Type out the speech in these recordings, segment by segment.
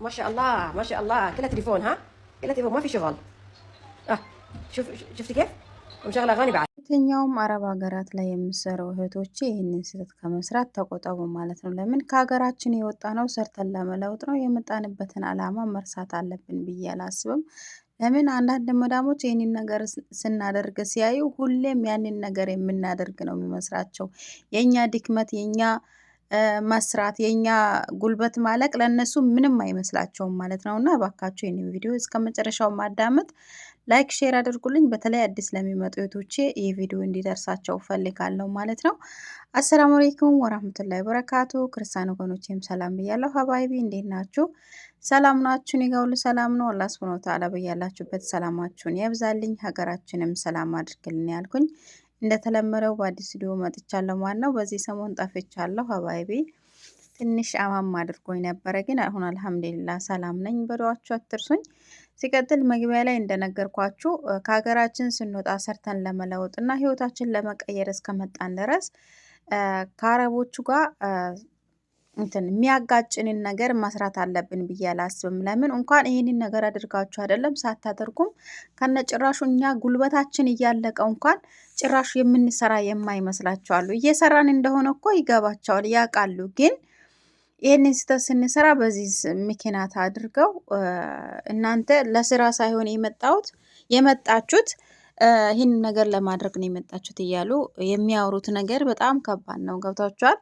ما شاء الله ما شاء الله كلها تليفون ها كلها تليفون ما في شغل اه شوف شفتي كيف ومشغله اغاني بعد የትኛውም አረብ ሀገራት ላይ የምሰሩ እህቶቼ ይህንን ስህተት ከመስራት ተቆጠቡ ማለት ነው። ለምን ከሀገራችን የወጣ ነው ሰርተን ለመለውጥ ነው። የመጣንበትን አላማ መርሳት አለብን ብዬ አላስብም። ለምን አንዳንድ መዳሞች ይህንን ነገር ስናደርግ ሲያዩ ሁሌም ያንን ነገር የምናደርግ ነው የሚመስላቸው የእኛ ድክመት የእኛ መስራት የእኛ ጉልበት ማለቅ ለእነሱ ምንም አይመስላቸውም ማለት ነው። እና እባካችሁ ይህን ቪዲዮ እስከ መጨረሻው ማዳመጥ፣ ላይክ፣ ሼር አድርጉልኝ። በተለይ አዲስ ለሚመጡ እህቶቼ ይህ ቪዲዮ እንዲደርሳቸው ፈልጋለሁ ማለት ነው። አሰላሙ አለይኩም ወራህመቱላሂ ወበረካቱ። ክርስቲያን ወገኖቼም ሰላም ብያለሁ። ሀባይቢ እንዴት ናችሁ? ሰላም ናችሁን? ይገውሉ ሰላም ነው። አላህ ሱብሃነሁ ወተዓላ በያላችሁበት ሰላማችሁን ያብዛልኝ፣ ሀገራችንም ሰላም አድርግልን ያልኩኝ እንደተለመደው በአዲስ ስቱዲዮ መጥቻለሁ ማለት ነው። በዚህ ሰሞን ጠፍቻለሁ አባይቤ ትንሽ አማም አድርጎኝ ነበረ፣ ግን አሁን አልሐምዱሊላ ሰላም ነኝ። በዶዋችሁ አትርሱኝ። ሲቀጥል መግቢያ ላይ እንደነገርኳችሁ ከሀገራችን ስንወጣ ሰርተን ለመለወጥ እና ህይወታችን ለመቀየር እስከመጣን ድረስ ከአረቦቹ ጋር እንትን የሚያጋጭንን ነገር መስራት አለብን ብዬ አላስብም። ለምን እንኳን ይህንን ነገር አድርጋችሁ አይደለም ሳታደርጉም ከነ ጭራሹ እኛ ጉልበታችን እያለቀው እንኳን ጭራሹ የምንሰራ የማይመስላችኋሉ እየሰራን እንደሆነ እኮ ይገባቸዋል፣ ያውቃሉ። ግን ይህንን ስህተት ስንሰራ በዚህ ምክንያት አድርገው እናንተ ለስራ ሳይሆን የመጣሁት የመጣችሁት ይህን ነገር ለማድረግ ነው የመጣችሁት እያሉ የሚያወሩት ነገር በጣም ከባድ ነው። ገብቷችኋል?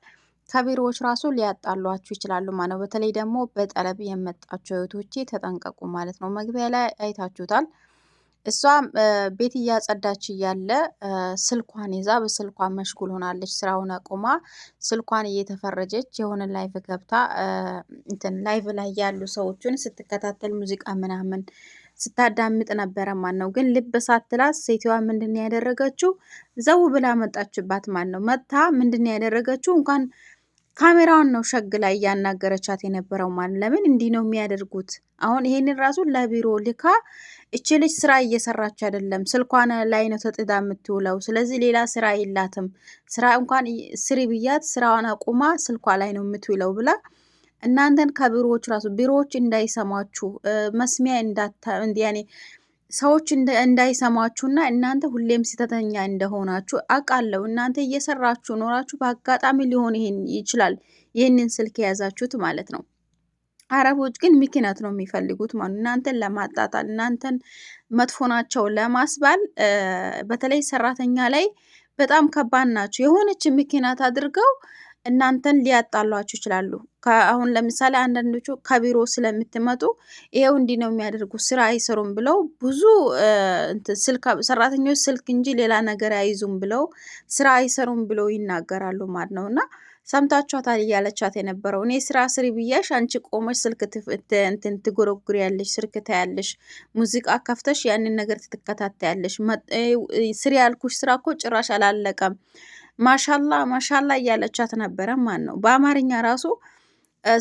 ከቢሮዎች ራሱ ሊያጣሏችሁ ይችላሉ ማለት ነው። በተለይ ደግሞ በጠለብ የመጣችሁ እህቶቼ ተጠንቀቁ ማለት ነው። መግቢያ ላይ አይታችሁታል። እሷ ቤት እያጸዳች እያለ ስልኳን ይዛ በስልኳ መሽጉል ሆናለች። ስራውን አቁማ ስልኳን እየተፈረጀች የሆነ ላይቭ ገብታ እንትን ላይቭ ላይ ያሉ ሰዎችን ስትከታተል ሙዚቃ ምናምን ስታዳምጥ ነበረ ማለት ነው። ግን ልብ ሳትላት ሴትዋ ምንድን ያደረገችው ዘው ብላ መጣችባት ማለት ነው። መጥታ ምንድን ያደረገችው እንኳን ካሜራውን ነው ሸግ ላይ እያናገረቻት የነበረው። ማን ለምን እንዲህ ነው የሚያደርጉት? አሁን ይሄንን ራሱ ለቢሮ ልካ እች ልጅ ስራ እየሰራች አይደለም፣ ስልኳን ላይ ነው ተጥዳ የምትውለው። ስለዚህ ሌላ ስራ የላትም። ስራ እንኳን ስሪ ብያት ስራዋን አቁማ ስልኳ ላይ ነው የምትውለው ብላ እናንተን ከቢሮዎች ራሱ ቢሮዎች እንዳይሰማችሁ መስሚያ ሰዎች እንዳይሰማችሁና እናንተ ሁሌም ስህተተኛ እንደሆናችሁ አውቃለሁ። እናንተ እየሰራችሁ ኖራችሁ በአጋጣሚ ሊሆን ይሄን ይችላል ይህንን ስልክ የያዛችሁት ማለት ነው። አረቦች ግን ምክንያት ነው የሚፈልጉት ማለት እናንተን ለማጣጣል እናንተን መጥፎ ናቸው ለማስባል በተለይ ሰራተኛ ላይ በጣም ከባድ ናቸው። የሆነች ምክንያት አድርገው እናንተን ሊያጣሏችሁ ይችላሉ። አሁን ለምሳሌ አንዳንዶቹ ከቢሮ ስለምትመጡ ይሄው እንዲህ ነው የሚያደርጉ ስራ አይሰሩም ብለው ብዙ ሰራተኞች ስልክ እንጂ ሌላ ነገር አይዙም ብለው ስራ አይሰሩም ብለው ይናገራሉ ማለት ነው እና ሰምታችኋታል እያለቻት የነበረው እኔ ስራ ስሪ ብያሽ አንቺ ቆመሽ ስልክ እንትን ያለሽ ስልክ ታያለሽ፣ ሙዚቃ ከፍተሽ ያንን ነገር ትከታተያለሽ። ስሪ ያልኩሽ ስራ እኮ ጭራሽ አላለቀም ማሻላ ማሻላ እያለቻት ነበረ። ማን ነው በአማርኛ ራሱ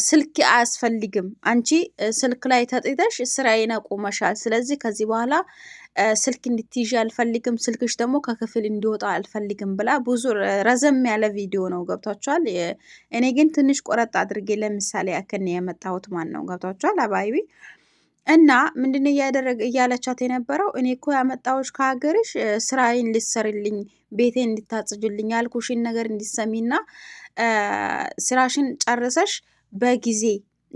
ስልክ አያስፈልግም፣ አንቺ ስልክ ላይ ተጥተሽ ስራዬን አቁመሻል። ስለዚህ ከዚህ በኋላ ስልክ እንድትይዥ አልፈልግም፣ ስልክሽ ደግሞ ከክፍል እንዲወጣ አልፈልግም ብላ ብዙ ረዘም ያለ ቪዲዮ ነው ገብቷቸዋል። እኔ ግን ትንሽ ቆረጥ አድርጌ ለምሳሌ ያክል የመጣሁት ማን ነው ገብቷቸዋል አባይቢ እና ምንድን እያደረገ እያለቻት የነበረው እኔ እኮ ያመጣሁሽ ከሀገርሽ ስራዬን ልትሰርልኝ ቤቴን እንድታጽጅልኝ ያልኩሽን ነገር እንዲሰሚና ስራሽን ጨርሰሽ በጊዜ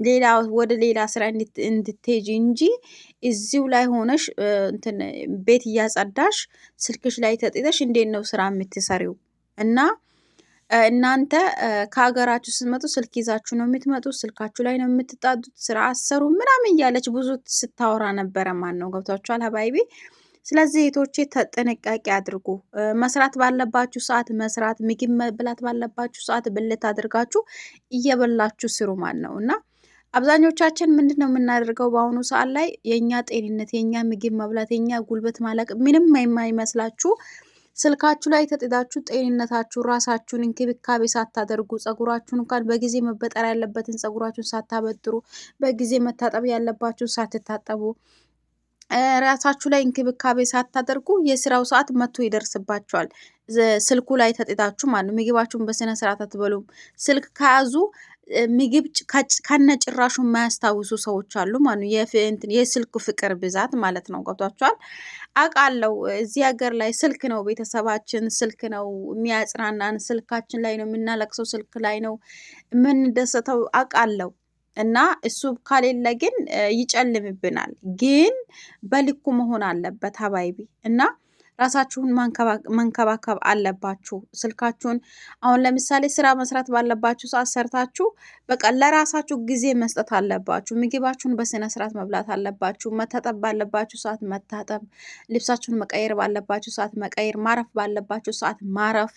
ሌላ ወደ ሌላ ስራ እንድትሄጂ እንጂ እዚው ላይ ሆነሽ ቤት እያጸዳሽ ስልክሽ ላይ ተጥተሽ እንዴት ነው ስራ የምትሰሪው? እና እናንተ ከሀገራችሁ ስትመጡ ስልክ ይዛችሁ ነው የምትመጡት፣ ስልካችሁ ላይ ነው የምትጣዱት፣ ስራ አሰሩ ምናምን እያለች ብዙ ስታወራ ነበረ። ማን ነው ገብቷችኋል ሀባይቢ? ስለዚህ እህቶቼ ጥንቃቄ አድርጉ። መስራት ባለባችሁ ሰዓት መስራት፣ ምግብ መብላት ባለባችሁ ሰዓት ብልት አድርጋችሁ እየበላችሁ ስሩ ማን ነው እና አብዛኞቻችን ምንድን ነው የምናደርገው? በአሁኑ ሰዓት ላይ የእኛ ጤንነት፣ የእኛ ምግብ መብላት፣ የእኛ ጉልበት ማለቅ ምንም የማይመስላችሁ ስልካችሁ ላይ ተጥዳችሁ ጤንነታችሁ ራሳችሁን እንክብካቤ ሳታደርጉ ጸጉራችሁን እንኳን በጊዜ መበጠር ያለበትን ጸጉራችሁን ሳታበጥሩ በጊዜ መታጠብ ያለባችሁን ሳትታጠቡ ራሳችሁ ላይ እንክብካቤ ሳታደርጉ የስራው ሰዓት መቶ ይደርስባቸዋል። ስልኩ ላይ ተጥዳችሁ ማለት ነው። ምግባችሁን በስነ ስርዓት አትበሉም። ስልክ ከያዙ ምግብ ከነ ጭራሹ የማያስታውሱ ሰዎች አሉ ማለት የስልኩ ፍቅር ብዛት ማለት ነው። ገብቷችኋል? አውቃለሁ። እዚህ ሀገር ላይ ስልክ ነው ቤተሰባችን፣ ስልክ ነው የሚያጽናናን፣ ስልካችን ላይ ነው የምናለቅሰው፣ ስልክ ላይ ነው የምንደሰተው። አውቃለሁ። እና እሱ ከሌለ ግን ይጨልምብናል። ግን በልኩ መሆን አለበት ሀባይቢ እና ራሳችሁን መንከባከብ አለባችሁ። ስልካችሁን አሁን ለምሳሌ ስራ መስራት ባለባችሁ ሰዓት ሰርታችሁ በቃ ለራሳችሁ ጊዜ መስጠት አለባችሁ። ምግባችሁን በስነ ስርዓት መብላት አለባችሁ። መታጠብ ባለባችሁ ሰዓት መታጠብ፣ ልብሳችሁን መቀየር ባለባችሁ ሰዓት መቀየር፣ ማረፍ ባለባችሁ ሰዓት ማረፍ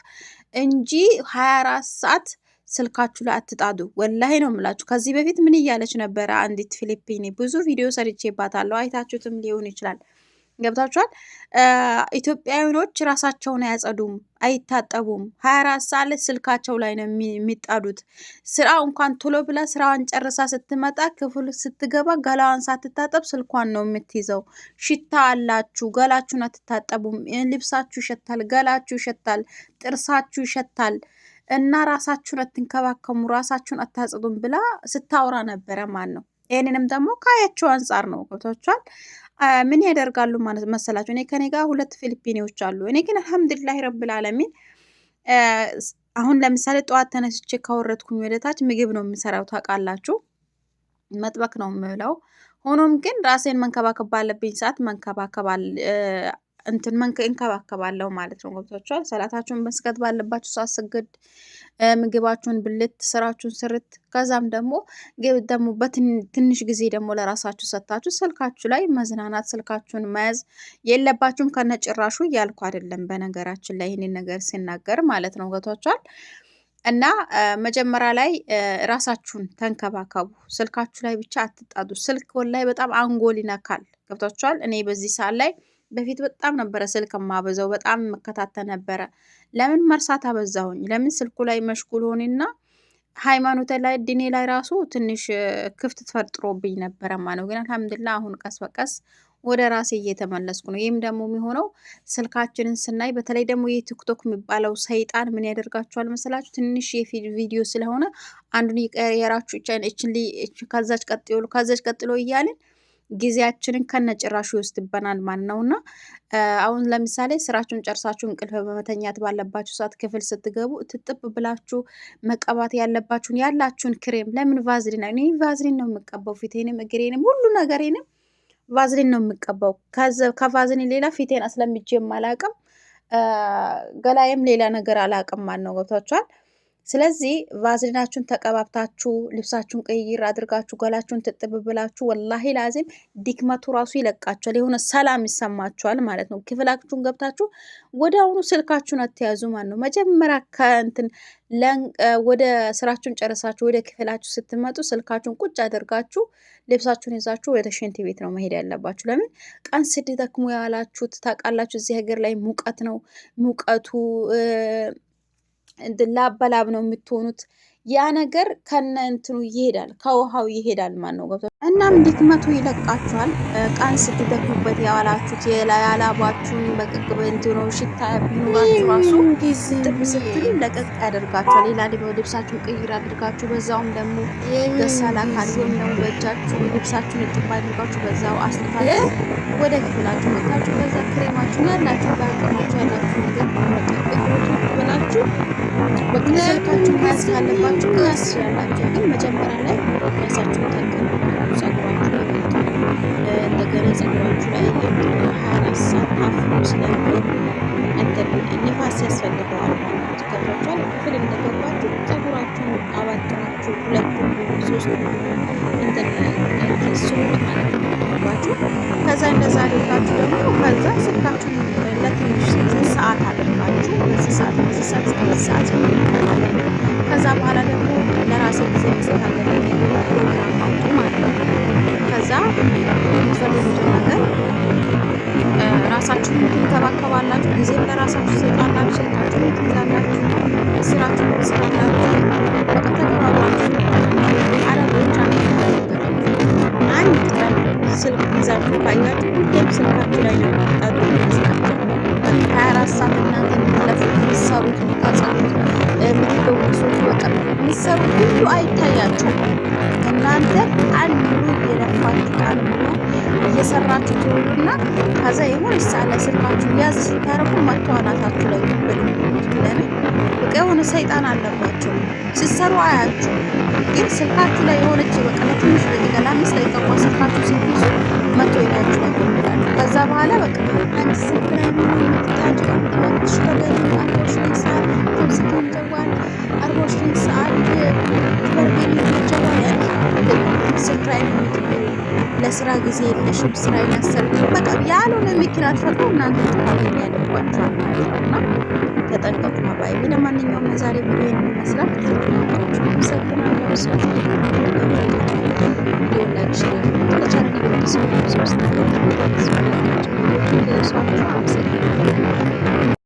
እንጂ ሀያ አራት ሰዓት ስልካችሁ ላይ አትጣዱ። ወላሂ ነው የምላችሁ። ከዚህ በፊት ምን እያለች ነበረ አንዲት ፊሊፒኒ? ብዙ ቪዲዮ ሰርቼባታለሁ አይታችሁትም ሊሆን ይችላል። ገብታችኋል። ኢትዮጵያዊኖች ራሳቸውን አያጸዱም፣ አይታጠቡም። ሀያ አራት ሰዓት ስልካቸው ላይ ነው የሚጣዱት። ስራ እንኳን ቶሎ ብላ ስራዋን ጨርሳ ስትመጣ ክፍል ስትገባ ገላዋን ሳትታጠብ ስልኳን ነው የምትይዘው። ሽታ አላችሁ፣ ገላችሁን አትታጠቡም። ልብሳችሁ ይሸታል፣ ገላችሁ ይሸታል፣ ጥርሳችሁ ይሸታል። እና ራሳችሁን አትንከባከሙ፣ ራሳችሁን አታጽዱም ብላ ስታወራ ነበረ። ማን ነው ይህንንም ደግሞ ከያቸው አንጻር ነው ገብቷችኋል። ምን ያደርጋሉ ማለት መሰላችሁ? እኔ ከኔ ጋር ሁለት ፊሊፒኒዎች አሉ። እኔ ግን አልሐምዱሊላህ ረብል አለሚን አሁን ለምሳሌ ጠዋት ተነስቼ ካወረድኩኝ ወደታች ምግብ ነው የምሰራው ታውቃላችሁ፣ መጥበቅ ነው የምለው። ሆኖም ግን ራሴን መንከባከብ ባለብኝ ሰዓት መንከባከብ እንትን እንከባከባለሁ ማለት ነው። ገብቷችኋል? ሰላታችሁን መስገድ ባለባችሁ ሰዓት ስግድ፣ ምግባችሁን ብልት፣ ስራችሁን ስርት። ከዛም ደግሞ ደግሞ በትንሽ ጊዜ ደግሞ ለራሳችሁ ሰጥታችሁ ስልካችሁ ላይ መዝናናት፣ ስልካችሁን መያዝ የለባችሁም ከነጭራሹ እያልኩ አይደለም። በነገራችን ላይ ይህንን ነገር ሲናገር ማለት ነው። ገብቷችኋል? እና መጀመሪያ ላይ ራሳችሁን ተንከባከቡ። ስልካችሁ ላይ ብቻ አትጣዱ። ስልክ ላይ በጣም አንጎል ይነካል። ገብቷችኋል? እኔ በዚህ ሰዓት ላይ በፊት በጣም ነበረ ስልክ ማበዛው፣ በጣም መከታተል ነበረ። ለምን መርሳት አበዛሁኝ? ለምን ስልኩ ላይ መሽጉል ሆኔና ሃይማኖት ላይ ድኔ ላይ ራሱ ትንሽ ክፍት ትፈጥሮብኝ ነበረ ማለት ነው። ግን አልሐምድላ አሁን ቀስ በቀስ ወደ ራሴ እየተመለስኩ ነው። ይህም ደግሞ የሚሆነው ስልካችንን ስናይ በተለይ ደግሞ የቲክቶክ የሚባለው ሰይጣን ምን ያደርጋችኋል መሰላችሁ? ትንሽ ቪዲዮ ስለሆነ አንዱን የራችሁ ከዛች ቀጥሎ ከዛች ቀጥሎ እያልን ጊዜያችንን ከነጭራሹ ይወስድብናል ማለት ነው እና አሁን ለምሳሌ ስራችሁን ጨርሳችሁ እንቅልፍ በመተኛት ባለባችሁ ሰዓት ክፍል ስትገቡ ትጥብ ብላችሁ መቀባት ያለባችሁን ያላችሁን ክሬም ለምን ቫዝሊን እኔ ቫዝሊን ነው የምቀባው ፊቴንም እግሬንም ሁሉ ነገሬንም ቫዝሊን ነው የምቀባው ከቫዝሊን ሌላ ፊቴን አስለምጄ የማላቅም ገላይም ሌላ ነገር አላቅም ማለት ነው ገብቷችኋል ስለዚህ ቫዝሊናችሁን ተቀባብታችሁ ልብሳችሁን ቀይር አድርጋችሁ ገላችሁን ትጥብብላችሁ ወላሂ ላዚም ድክመቱ ራሱ ይለቃችኋል። የሆነ ሰላም ይሰማችኋል ማለት ነው። ክፍላችሁን ገብታችሁ ወደ አሁኑ ስልካችሁን አትያዙ ማለት ነው። መጀመሪያ ከእንትን ወደ ስራችሁን ጨረሳችሁ ወደ ክፍላችሁ ስትመጡ ስልካችሁን ቁጭ አድርጋችሁ ልብሳችሁን ይዛችሁ ወደ ሽንት ቤት ነው መሄድ ያለባችሁ። ለምን ቀን ስድ ተክሙ ያላችሁት ታውቃላችሁ። እዚህ ሀገር ላይ ሙቀት ነው ሙቀቱ ላበላብ ነው የምትሆኑት። ያ ነገር ከነ እንትኑ ይሄዳል፣ ከውሃው ይሄዳል ማለት ነው ገብቶ እናም ድክመቱ ይለቃችኋል። ቀን ስትደክሙበት ያዋላችሁት የላላባችሁን በቅቅብ እንትኖ ሽታ ቢኖራችሁ ራሱ ጥብ ስትል ለቀቅ ያደርጋችኋል። ሌላ ደግሞ ልብሳችሁን ቅይር አድርጋችሁ በዛውም ደግሞ ገሳላ ካል ወይም ደግሞ በእጃችሁ ልብሳችሁን እጥብ አድርጋችሁ በዛው አስልፋችሁ ወደ ክፍላችሁ መታችሁ በዛ ክሬማችሁን ያላችሁ አለበት። ስልካችሁ መያዝ ካለባችሁ መያዝ ያላችሁ ግን መጀመሪያ ላይ ራሳችሁ ተከናሉ ጸጉራችሁ እንደገና ጸጉራችሁ ላይ ሀያ አራት ሰዓት አፍሮ ስለሚሆን ንፋስ ያስፈልገዋል ማለት ገባችኋል። ክፍል እንደገባችሁ ጸጉራችሁ አባጥናችሁ ሁለት ሶስት የሚሰሩ ሁሉ አይታያችሁም። እናንተ ቀን ሙሉ የለፋችሁ ቀን ሙሉ እየሰራችሁ ትውሉና ከዛ የሆነ ሳለ ስልካችሁ ያዝ ስታረጉ መተዋናታችሁ ላይ ለምን በቃ የሆነ ሰይጣን አለባቸው። ስሰሩ አያችሁ፣ ግን ስልካችሁ ላይ የሆነች በቃ ለትንሽ ደቂቃ ለአምስት ደቂቃ ስልካችሁ ስትይዙ መቶ ይላችሁ ከዛ በኋላ በቃ አንድ ሰዓት ስራ ለስራ ጊዜ የለሽም፣ ስራ ይናሰር በቃ ያልሆነ ምክንያት ፈጥሮ እናንተ ጥፋተኛ ያደርጓቸዋል ማለት ነው። እና ተጠንቀቁ ነባይ። ለማንኛውም ዛሬ ብሎ ይመስላል። አመሰግናለሁ። ሰው